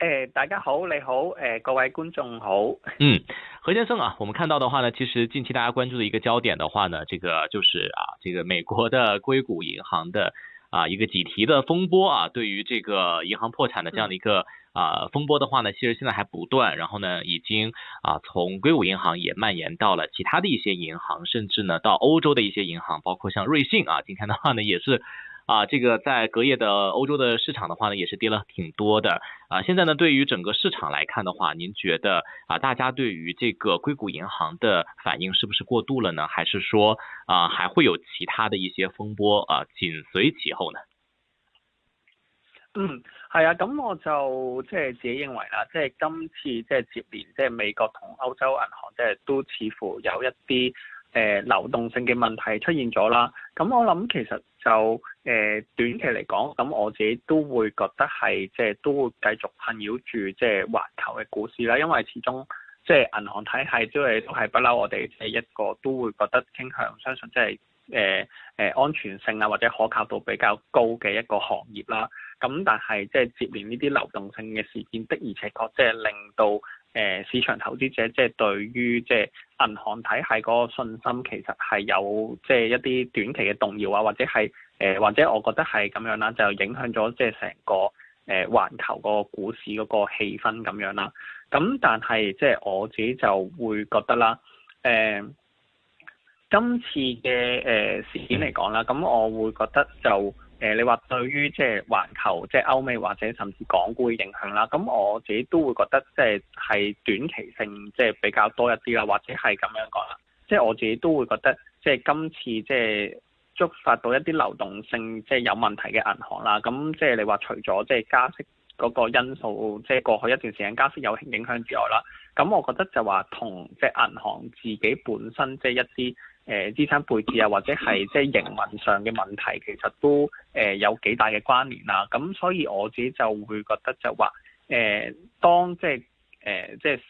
誒、呃，大家好，你好，誒、呃，各位觀眾好。嗯，何先生啊，我們看到的話呢，其實近期大家關注的一個焦點的話呢，這個就是啊，這個美國的硅谷銀行的啊一個擠提的風波啊，對於這個銀行破產的這樣的一個啊風波的話呢，其實現在還不斷。然後呢已經啊從硅谷銀行也蔓延到了其他的一些銀行，甚至呢到歐洲的一些銀行，包括像瑞信啊，今天的話呢也是。啊，這個在隔夜的歐洲的市場的話呢，也是跌了挺多的。啊，現在呢，對於整個市場來看的話，您覺得啊，大家對於這個硅谷銀行的反應是不是過度了呢？還是說啊，還會有其他的一些風波啊，緊隨其後呢？嗯，係啊，咁我就即係、就是、自己認為啦，即、就、係、是、今次即係接連即係、就是、美國同歐洲銀行，即、就、係、是、都似乎有一啲。誒流動性嘅問題出現咗啦，咁我諗其實就誒、呃、短期嚟講，咁我自己都會覺得係即係都會繼續困擾住即係環球嘅股市啦，因為始終即係銀行體系都係都係不嬲，我哋即係一個都會覺得傾向相信即係誒誒安全性啊或者可靠度比較高嘅一個行業啦。咁但係即係接連呢啲流動性嘅事件的，而且確即係令到。誒市場投資者即係對於即係銀行體系嗰個信心，其實係有即係一啲短期嘅動搖啊，或者係誒、呃，或者我覺得係咁樣啦，就影響咗即係成個誒環、呃、球個股市嗰個氣氛咁樣啦。咁但係即係我自己就會覺得啦，誒、呃、今次嘅誒事件嚟講啦，咁我會覺得就。誒、呃，你話對於即係環球、即係歐美或者甚至港股嘅影響啦，咁我自己都會覺得即係係短期性即係比較多一啲啦，或者係咁樣講啦。即係我自己都會覺得，即係今次即係觸發到一啲流動性即係有問題嘅銀行啦。咁即係你話除咗即係加息嗰個因素，即係過去一段時間加息有影響之外啦，咁我覺得就話同即係銀行自己本身即係一啲。誒、呃、資產配置啊，或者係即係營運上嘅問題，其實都誒有幾大嘅關聯啦、啊。咁所以我自己就會覺得就話誒、呃，當即係誒即係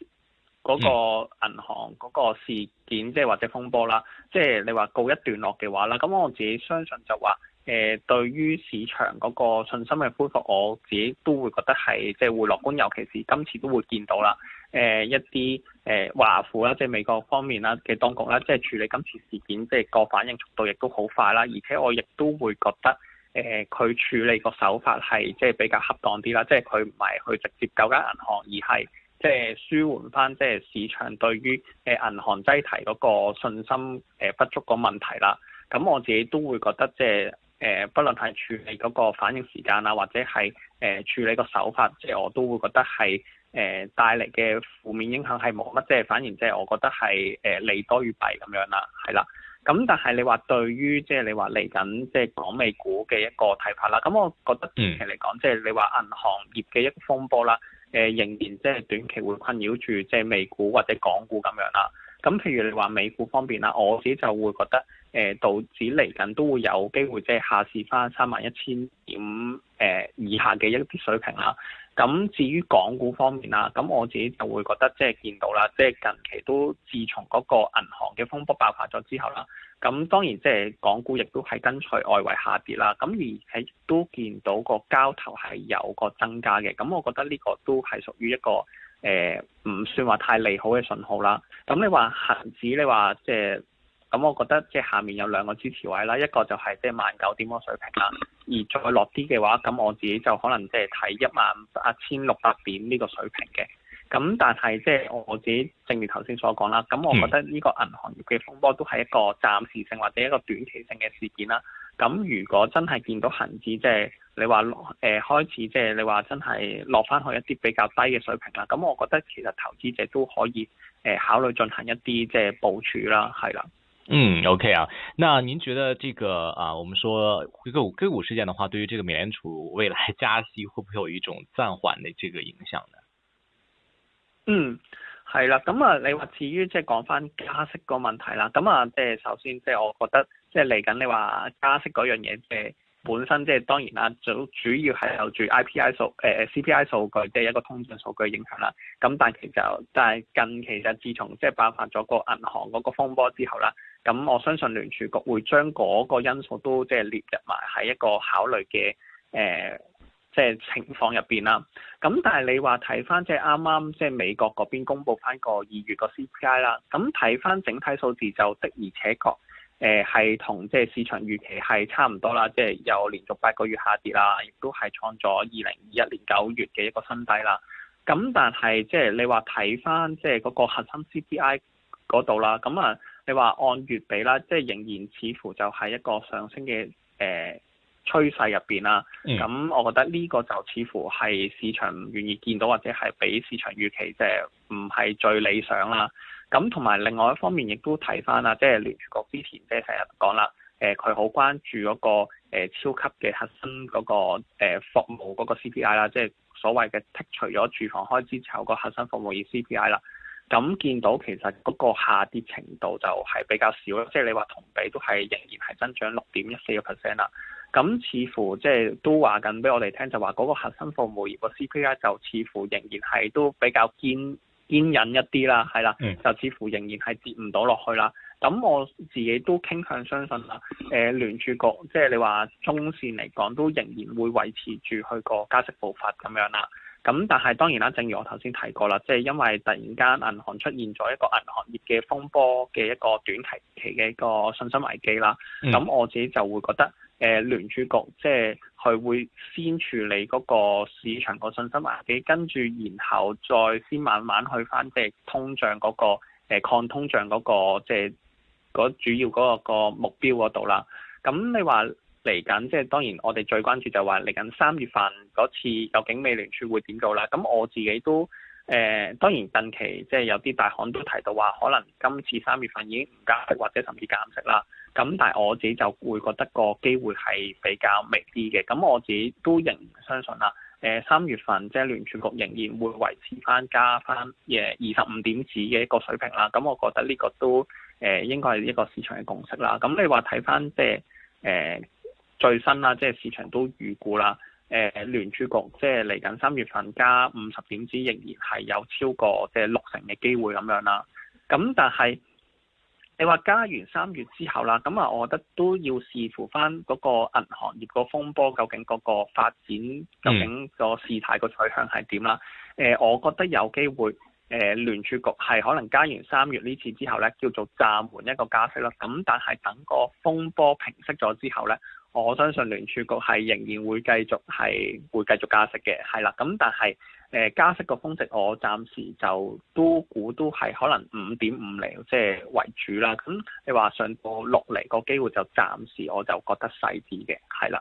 嗰個銀行嗰個事件即係、就是、或者風波啦，即、就、係、是、你話告一段落嘅話啦，咁我自己相信就話誒、呃，對於市場嗰個信心嘅恢復，我自己都會覺得係即係會樂觀，尤其是今次都會見到啦，誒、呃、一啲。誒、呃、華府啦，即係美國方面啦嘅當局啦，即係處理今次事件，即係個反應速度亦都好快啦，而且我亦都會覺得，誒、呃、佢處理個手法係即係比較恰當啲啦，即係佢唔係去直接救緊銀行，而係即係舒緩返即係市場對於誒、呃、銀行擠提嗰個信心誒、呃、不足個問題啦。咁我自己都會覺得即係誒、呃，不論係處理嗰個反應時間啊，或者係誒、呃、處理個手法，即係我都會覺得係。誒帶嚟嘅負面影響係冇乜，即係反而即係我覺得係誒利多於弊咁樣啦，係啦。咁但係你話對於即係、就是、你話嚟緊即係港美股嘅一個睇法啦，咁我覺得短期嚟講，即、就、係、是、你話銀行業嘅一個風波啦，誒、啊、仍然即係短期會困擾住即係美股或者港股咁樣啦。咁譬如你話美股方面啦，我自己就會覺得誒道指嚟緊都會有機會即係下試翻三萬一千點誒以下嘅一啲水平啦。啊。咁至於港股方面啦，咁我自己就會覺得即係見到啦，即係近期都自從嗰個銀行嘅風波爆發咗之後啦，咁當然即係港股亦都係跟隨外圍下跌啦，咁而係都見到個交投係有個增加嘅，咁我覺得呢個都係屬於一個誒唔算話太利好嘅信號啦。咁你話恆指，你話即係？咁我覺得即係下面有兩個支持位啦，一個就係即係萬九點個水平啦。而再落啲嘅話，咁我自己就可能即係睇一萬八千六百點呢個水平嘅。咁但係即係我自己正如頭先所講啦，咁我覺得呢個銀行業嘅風波都係一個暫時性或者一個短期性嘅事件啦。咁如果真係見到恒指即係你話誒開始即係你話真係落翻去一啲比較低嘅水平啦，咁我覺得其實投資者都可以誒考慮進行一啲即係部署啦，係啦。嗯，OK 啊，那您覺得這個啊，我們說返個硅谷事件的話，對於這個美聯儲未來加息會不會有一種暫緩的這個影響呢？嗯，係啦，咁啊，你話至於即係講翻加息個問題啦，咁啊，即、呃、係首先即係、就是、我覺得即係嚟緊你話加息嗰樣嘢即係。呃本身即係當然啦，主主要係有住 IPI 數誒、呃、CPI 數據即係、就是、一個通脹數據影響啦。咁但係其實但係近期其實自從即係爆發咗個銀行嗰個風波之後啦，咁我相信聯儲局會將嗰個因素都即係列入埋喺一個考慮嘅誒即係情況入邊啦。咁但係你話睇翻即係啱啱即係美國嗰邊公布翻個二月個 CPI 啦，咁睇翻整體數字就的而且確。誒係同即係市場預期係差唔多啦，即係有連續八個月下跌啦，亦都係創咗二零二一年九月嘅一個新低啦。咁但係即係你話睇翻即係嗰個核心 CPI 嗰度啦，咁啊，你話按月比啦，即係仍然似乎就係一個上升嘅誒趨勢入邊啦。咁、嗯、我覺得呢個就似乎係市場願意見到或者係比市場預期即係唔係最理想啦。嗯咁同埋另外一方面，亦都睇翻啦，即係聯儲局之前即係成日講啦，誒佢好關注嗰個誒超級嘅核心嗰個誒服務嗰個誒 CPI 啦，即係所謂嘅剔除咗住房開支之後個核心服務業 CPI 啦。咁見到其實嗰個下跌程度就係比較少啦，即係你話同比都係仍然係增長六點一四個 percent 啦。咁似乎即係都話緊俾我哋聽，就話嗰個核心服務業個 CPI 就似乎仍然係都比較堅。堅忍一啲啦，係啦，mm. 就似乎仍然係跌唔到落去啦。咁我自己都傾向相信啊，誒聯儲局即係你話中線嚟講都仍然會維持住佢個加息步伐咁樣啦。咁但係當然啦，正如我頭先提過啦，即係因為突然間銀行出現咗一個銀行業嘅風波嘅一個短期期嘅一個信心危機啦。咁、mm. 我自己就會覺得。誒、呃、聯儲局即係佢會先處理嗰個市場個信心危機，跟住然後再先慢慢去返，即係通脹嗰、那個、呃、抗通脹嗰、那個即係主要嗰、那個那個目標嗰度啦。咁你話嚟緊，即係當然我哋最關注就係話嚟緊三月份嗰次，究竟美聯儲會點做啦？咁我自己都誒、呃，當然近期即係有啲大行都提到話，可能今次三月份已經唔加息或者甚至減息啦。咁但係我自己就會覺得個機會係比較微啲嘅，咁我自己都仍然相信啦。誒、呃、三月份即係聯儲局仍然會維持翻加翻誒二十五點子嘅一個水平啦。咁我覺得呢個都誒、呃、應該係一個市場嘅共識啦。咁你話睇翻即係誒最新啦，即係市場都預估啦。誒聯儲局即係嚟緊三月份加五十點子，仍然係有超過即係六成嘅機會咁樣啦。咁但係你話加完三月之後啦，咁啊，我覺得都要視乎翻嗰個銀行業個風波，究竟嗰個發展、嗯、究竟個事態個取向係點啦。誒、呃，我覺得有機會誒、呃、聯儲局係可能加完三月呢次之後呢，叫做暫緩一個加息咯。咁但係等個風波平息咗之後呢，我相信聯儲局係仍然會繼續係會繼續加息嘅，係啦。咁但係。誒加息個峰值，我暫時就都估都係可能五點五釐，即係為主啦。咁你話上到六釐個機會，就暫時我就覺得細啲嘅，係啦。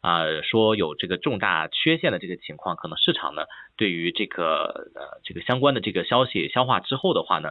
啊、呃，說有這個重大缺陷的這個情況，可能市場呢，對於這個，呃，這個相關的這個消息消化之後的話呢。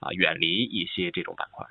啊，遠離一些這種板塊。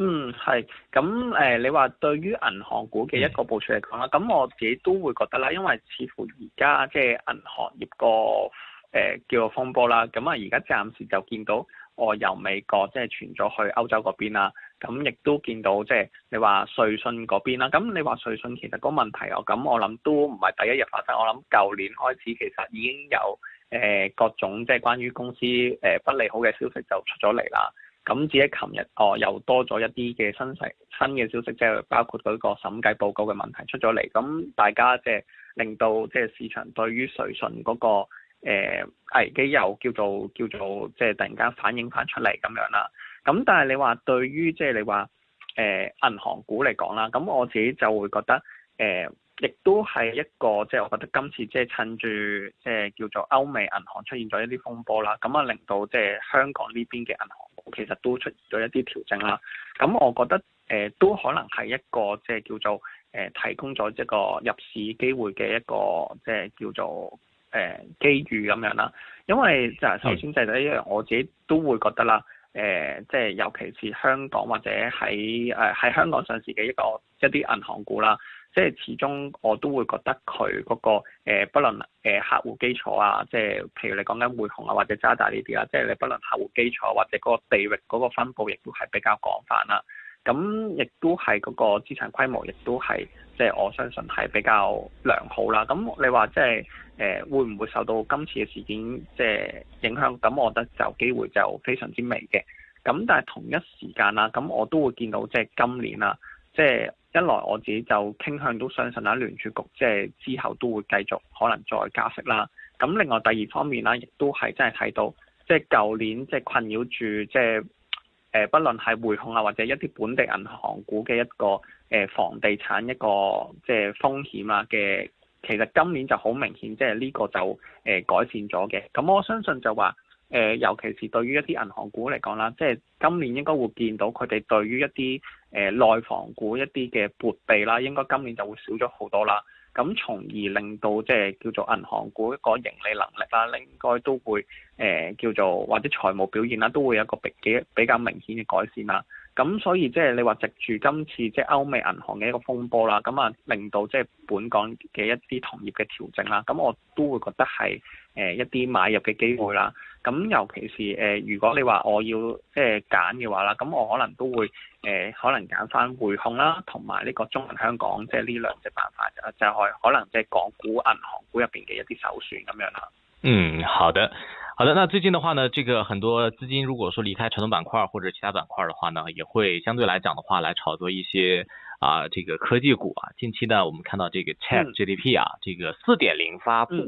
嗯，係，咁誒、呃，你話對於銀行股嘅一個部署嚟講啦，咁、嗯、我自己都會覺得啦，因為似乎而家即係銀行業個誒、呃、叫做風波啦，咁啊而家暫時就見到我由美國即係傳咗去歐洲嗰邊啦，咁亦都見到即係、就是、你話瑞信嗰邊啦，咁你話瑞信其實個問題哦，咁我諗都唔係第一日發生，我諗舊年開始其實已經有。誒各種即係關於公司誒不利好嘅消息就出咗嚟啦，咁至係琴日哦又多咗一啲嘅新新嘅消息，即係包括到個審計報告嘅問題出咗嚟，咁大家即係令到即係市場對於瑞信嗰個誒危機，又叫做叫做即係突然間反映翻出嚟咁樣啦。咁但係你話對於即係你話誒銀行股嚟講啦，咁我自己就會覺得誒。呃亦都係一個，即係我覺得今次即係趁住，即係叫做歐美銀行出現咗一啲風波啦，咁啊令到即係香港呢邊嘅銀行其實都出現咗一啲調整啦。咁我覺得誒、呃、都可能係一個即係叫做誒、呃、提供咗一個入市機會嘅一個即係叫做誒、呃、機遇咁樣啦。因為就首先就係一樣，我自己都會覺得啦，誒即係尤其是香港或者喺誒喺香港上市嘅一個一啲銀行股啦。即係始終我都會覺得佢嗰、那個、呃、不論誒客戶基礎啊，即係譬如你講緊匯控啊，或者渣打呢啲啊，即係你不論客戶基礎、啊、或者嗰個地域嗰個分布、啊，亦都係比較廣泛啦。咁亦都係嗰個資產規模，亦都係即係我相信係比較良好啦、啊。咁你話即係誒、呃、會唔會受到今次嘅事件即係影響？咁我覺得就機會就非常之微嘅。咁但係同一時間啦、啊，咁我都會見到即係今年啦、啊，即係。一來我自己就傾向都相信啦，聯儲局即係之後都會繼續可能再加息啦。咁另外第二方面啦，亦都係真係睇到，即係舊年即係困擾住即係誒，不論係匯控啊，或者一啲本地銀行股嘅一個誒房地產一個即係風險啊嘅，其實今年就好明顯，即係呢個就誒改善咗嘅。咁我相信就話誒，尤其是對於一啲銀行股嚟講啦，即係今年應該會見到佢哋對於一啲誒、呃、內房股一啲嘅撥備啦，應該今年就會少咗好多啦，咁從而令到即係叫做銀行股一個盈利能力啦，應該都會誒、呃、叫做或者財務表現啦，都會有一個比幾比較明顯嘅改善啦。咁所以即係你話藉住今次即係歐美銀行嘅一個風波啦，咁啊令到即係本港嘅一啲同業嘅調整啦，咁我都會覺得係誒一啲買入嘅機會啦。咁尤其是誒，如果你話我要即係揀嘅話啦，咁我可能都會誒，可能揀返匯控啦，同埋呢個中銀香港，即係呢兩隻板塊，啊，就係可能即係港股、銀行股入邊嘅一啲首選咁樣啦。嗯，好的，好的。那最近的話呢，這個很多資金，如果說離開傳統板塊或者其他板塊嘅話呢，也會相對來講嘅話，來炒作一些啊，這個科技股啊。近期呢，我們看到這個 ChatGPT 啊，這個四點零發布。嗯。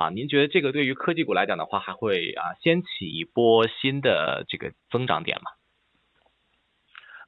啊，您覺得這個對於科技股來講的話，還會啊掀起一波新的這個增長點嗎？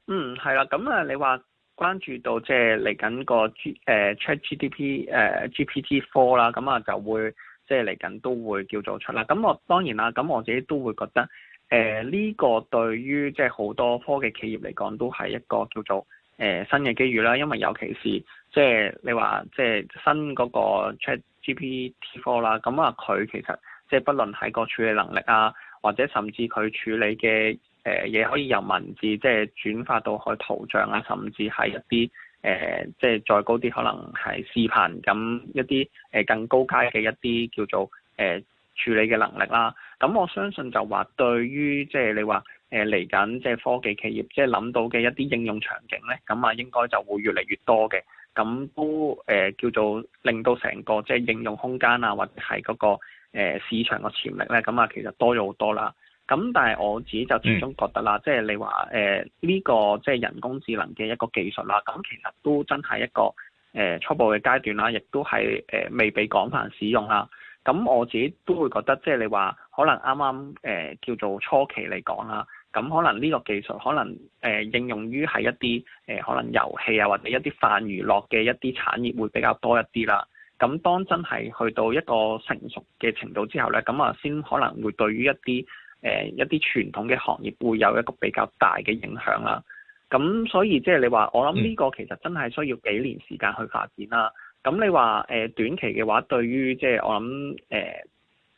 嗯係啦，咁啊你話關注到即係嚟緊個 G 誒 Chat GTP 誒 GPT Four 啦，咁啊就會即係嚟緊都會叫做出啦。咁我當然啦，咁我自己都會覺得誒呢、呃這個對於即係好多科技企業嚟講都係一個叫做誒、呃、新嘅機遇啦，因為尤其是即、就、係、是、你話即係新嗰、那個 Chat。GPT Four 啦，咁啊佢其實即係不論係個處理能力啊，或者甚至佢處理嘅誒嘢可以由文字即係轉發到去圖像啊，甚至係一啲誒即係再高啲可能係視頻咁一啲誒更高階嘅一啲叫做誒、呃、處理嘅能力啦。咁、嗯、我相信就話對於即係、就是、你話誒嚟緊即係科技企業即係諗到嘅一啲應用場景咧，咁啊應該就會越嚟越多嘅。咁都誒、呃、叫做令到成個即係應用空間啊，或者係嗰、那個、呃、市場嘅潛力咧，咁啊其實多咗好多啦。咁但係我自己就始終覺得啦、嗯呃這個，即係你話誒呢個即係人工智能嘅一個技術啦，咁其實都真係一個誒、呃、初步嘅階段啦，亦都係誒、呃、未被廣泛使用啦。咁我自己都會覺得，即係你話可能啱啱誒叫做初期嚟講啦。咁可能呢個技術可能誒、呃、應用於係一啲誒、呃、可能遊戲啊，或者一啲泛娛樂嘅一啲產業會比較多一啲啦。咁當真係去到一個成熟嘅程度之後咧，咁啊先可能會對於一啲誒、呃、一啲傳統嘅行業會有一個比較大嘅影響啦。咁所以即係、就是、你話我諗呢個其實真係需要幾年時間去發展啦。咁你話誒、呃、短期嘅話，對於即係、就是、我諗誒、呃、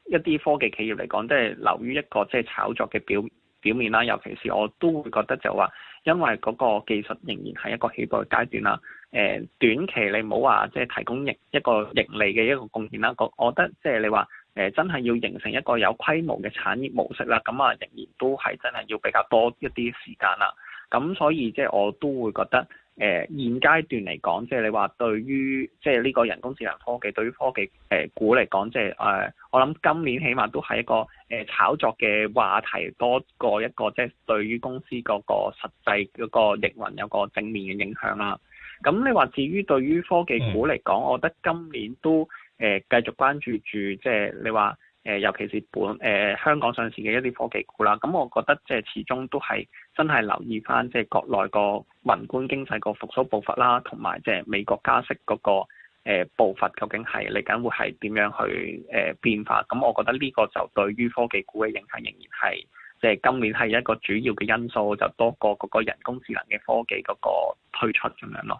一啲科技企業嚟講，即係留於一個即係、就是、炒作嘅表表面啦，尤其是我都會覺得就話，因為嗰個技術仍然係一個起步階段啦。誒、呃，短期你唔好話即係提供盈一個盈利嘅一個貢獻啦。我覺得即係你話誒、呃、真係要形成一個有規模嘅產業模式啦，咁啊仍然都係真係要比較多一啲時間啦。咁所以即係我都會覺得。誒現階段嚟講，即係你話對於即係呢個人工智能科技對於科技誒股嚟講，即係誒我諗今年起碼都係一個誒炒作嘅話題多過一個即係對於公司嗰個實際嗰個營運有個正面嘅影響啦。咁你話至於對於科技股嚟講，嗯、我覺得今年都誒繼續關注住即係你話。誒、呃，尤其是本誒、呃、香港上市嘅一啲科技股啦，咁我覺得即係始終都係真係留意翻，即係國內個宏觀經濟個復蘇步伐啦，同埋即係美國加息嗰個誒步伐，究竟係嚟緊會係點樣去誒變化。咁我覺得呢個就對於科技股嘅影響仍然係即係今年係一個主要嘅因素，就多過嗰個人工智能嘅科技嗰個推出咁樣咯。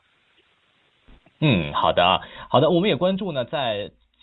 嗯，好的好的，我們也關注呢，在。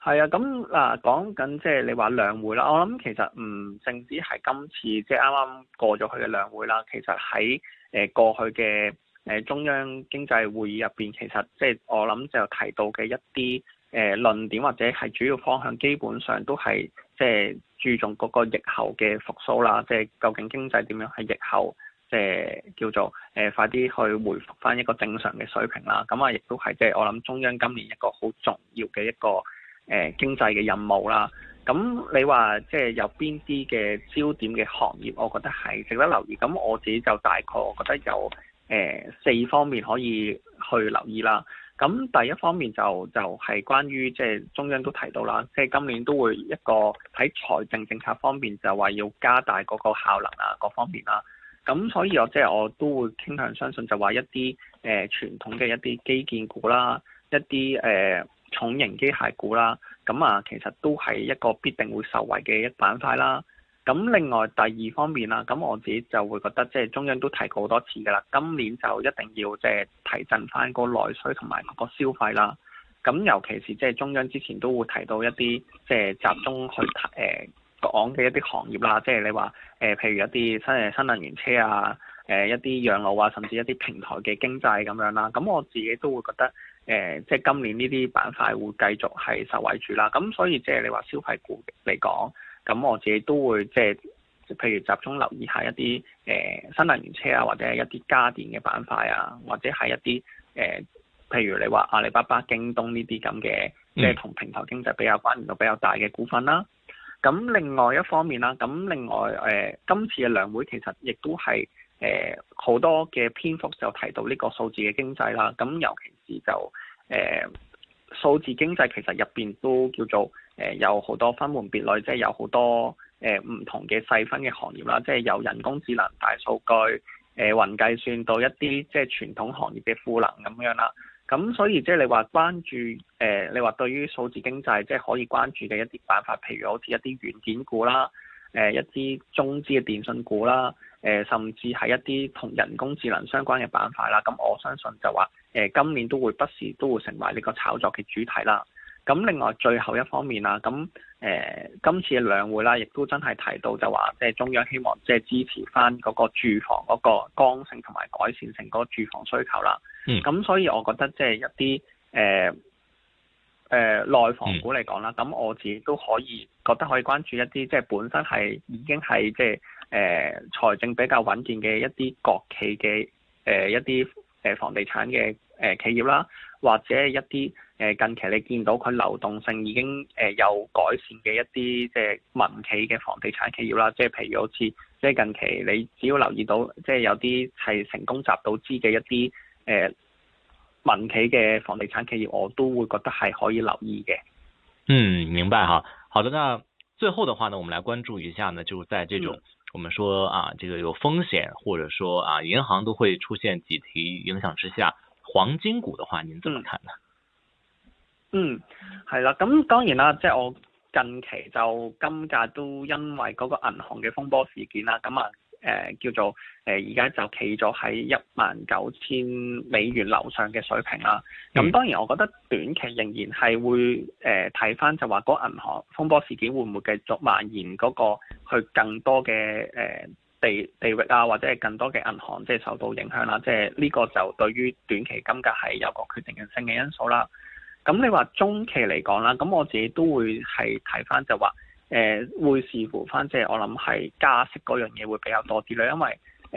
係啊，咁嗱、嗯，講緊即係你話兩會啦。我諗其實唔淨止係今次即係啱啱過咗去嘅兩會啦，其實喺誒、呃、過去嘅誒、呃、中央經濟會議入邊，其實即係我諗就提到嘅一啲誒、呃、論點或者係主要方向，基本上都係即係注重嗰個疫後嘅復甦啦。即係究竟經濟點樣係疫後，即係叫做誒、呃、快啲去回復翻一個正常嘅水平啦。咁啊，亦都係即係我諗中央今年一個好重要嘅一個，誒經濟嘅任務啦，咁你話即係有邊啲嘅焦點嘅行業，我覺得係值得留意。咁我自己就大概我覺得有誒、呃、四方面可以去留意啦。咁第一方面就就係、是、關於即係、就是、中央都提到啦，即、就、係、是、今年都會一個喺財政政策方面就話要加大嗰個效能啊，各方面啦、啊。咁所以我即係、就是、我都會傾向相信就話一啲誒、呃、傳統嘅一啲基建股啦，一啲誒、呃重型機械股啦，咁啊，其實都係一個必定會受惠嘅一板塊啦。咁另外第二方面啊，咁我自己就會覺得，即係中央都提過好多次㗎喇。今年就一定要即係提振返個內需同埋個消費啦。咁尤其是即係中央之前都會提到一啲，即係集中去誒、呃、講嘅一啲行業啦。即係你話誒、呃，譬如一啲新誒新能源車啊，誒、呃、一啲養老啊，甚至一啲平台嘅經濟咁樣啦。咁我自己都會覺得。誒、呃，即係今年呢啲板塊會繼續係受惠住啦。咁所以即係你話消費股嚟講，咁我自己都會即係，譬如集中留意一下一啲誒、呃、新能源車啊，或者係一啲家電嘅板塊啊，或者係一啲誒、呃，譬如你話阿里巴巴、京東呢啲咁嘅，即係同平台經濟比較關聯度比較大嘅股份啦。咁另外一方面啦，咁另外誒、呃，今次嘅兩會其實亦都係。誒好多嘅篇幅就提到呢個數字嘅經濟啦，咁尤其是就誒、呃、數字經濟其實入邊都叫做誒、呃、有好多分門別類，即係有好多誒唔、呃、同嘅細分嘅行業啦，即係有人工智能、大數據、誒、呃、雲計算到一啲即係傳統行業嘅賦能咁樣啦。咁所以即係你話關注誒、呃，你話對於數字經濟即係可以關注嘅一啲辦法，譬如好似一啲軟件股啦，誒、呃、一啲中資嘅電信股啦。誒，甚至係一啲同人工智能相關嘅板塊啦，咁我相信就話，誒、呃，今年都會不時都會成為呢個炒作嘅主題啦。咁另外最後一方面啦，咁誒、呃，今次嘅兩會啦，亦都真係提到就話，即係中央希望即係支持翻嗰個住房嗰個剛性同埋改善性嗰個住房需求啦。嗯。咁所以，我覺得即係一啲誒誒內房股嚟講啦，咁、mm. 我自己都可以覺得可以關注一啲，即係本身係已經係即係。即係誒、呃、財政比較穩健嘅一啲國企嘅誒、呃、一啲誒房地產嘅誒企業啦，或者一啲誒、呃、近期你見到佢流動性已經誒有、呃、改善嘅一啲即係民企嘅房地產企業啦，即係譬如好似即係近期你只要留意到即係有啲係成功集到資嘅一啲誒、呃、民企嘅房地產企業，我都會覺得係可以留意嘅。嗯，明白哈。好的，那最後的話呢，我們來關注一下呢，就在這種。嗯 我們說啊，這個有風險，或者說啊，銀行都會出現擠提影響之下，黃金股的話，您怎麼看呢？嗯，係、嗯、啦，咁、嗯、當然啦，即係我近期就金價都因為嗰個銀行嘅風波事件啦，咁、嗯、啊。嗯誒、呃、叫做誒，呃、而家就企咗喺一萬九千美元樓上嘅水平啦。咁、嗯、當然，我覺得短期仍然係會誒睇翻就話嗰銀行風波事件會唔會繼續蔓延嗰個去更多嘅誒、呃、地地域啊，或者係更多嘅銀行即係受到影響啦。即係呢個就對於短期金價係有個決定性嘅因素啦。咁你話中期嚟講啦，咁我自己都會係睇翻就話。誒、呃、會視乎翻，即係我諗係加息嗰樣嘢會比較多啲啦，因為誒、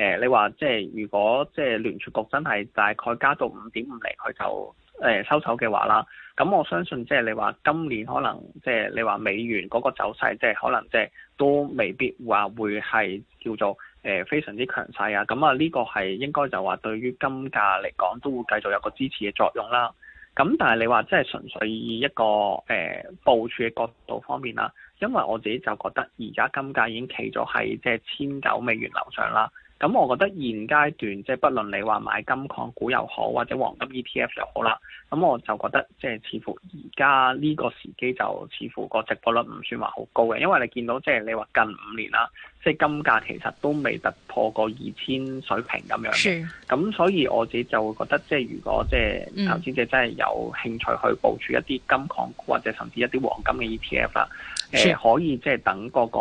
呃、你話即係如果即係聯儲局真係大概加到五點五釐佢就誒、呃、收手嘅話啦，咁我相信即係你話今年可能即係你話美元嗰個走勢即係可能即係都未必話會係叫做誒、呃、非常之強勢啊，咁啊呢個係應該就話對於金價嚟講都會繼續有個支持嘅作用啦。咁但係你話，即係純粹以一個誒、呃、部署嘅角度方面啦，因為我自己就覺得而家金價已經企咗喺即係千九美元樓上啦。咁我覺得現階段即係、就是、不論你話買金礦股又好，或者黃金 ETF 又好啦，咁我就覺得即係似乎而家呢個時機就似乎個值博率唔算話好高嘅，因為你見到即係你話近五年啦，即、就、係、是、金價其實都未突破過二千水平咁樣嘅。咁是所以我自己就會覺得，即係如果即係投資者真係有興趣去部署一啲金礦股或者甚至一啲黃金嘅 ETF 啦，誒是、呃、可以即係等嗰個、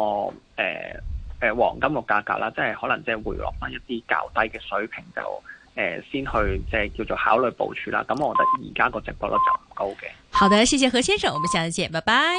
呃誒、呃、黃金個價格啦，即係可能即係回落翻一啲較低嘅水平就，就、呃、誒先去即係叫做考慮部署啦。咁我覺得而家個直播率就唔高嘅。好的，謝謝何先生，我們下次見，拜拜。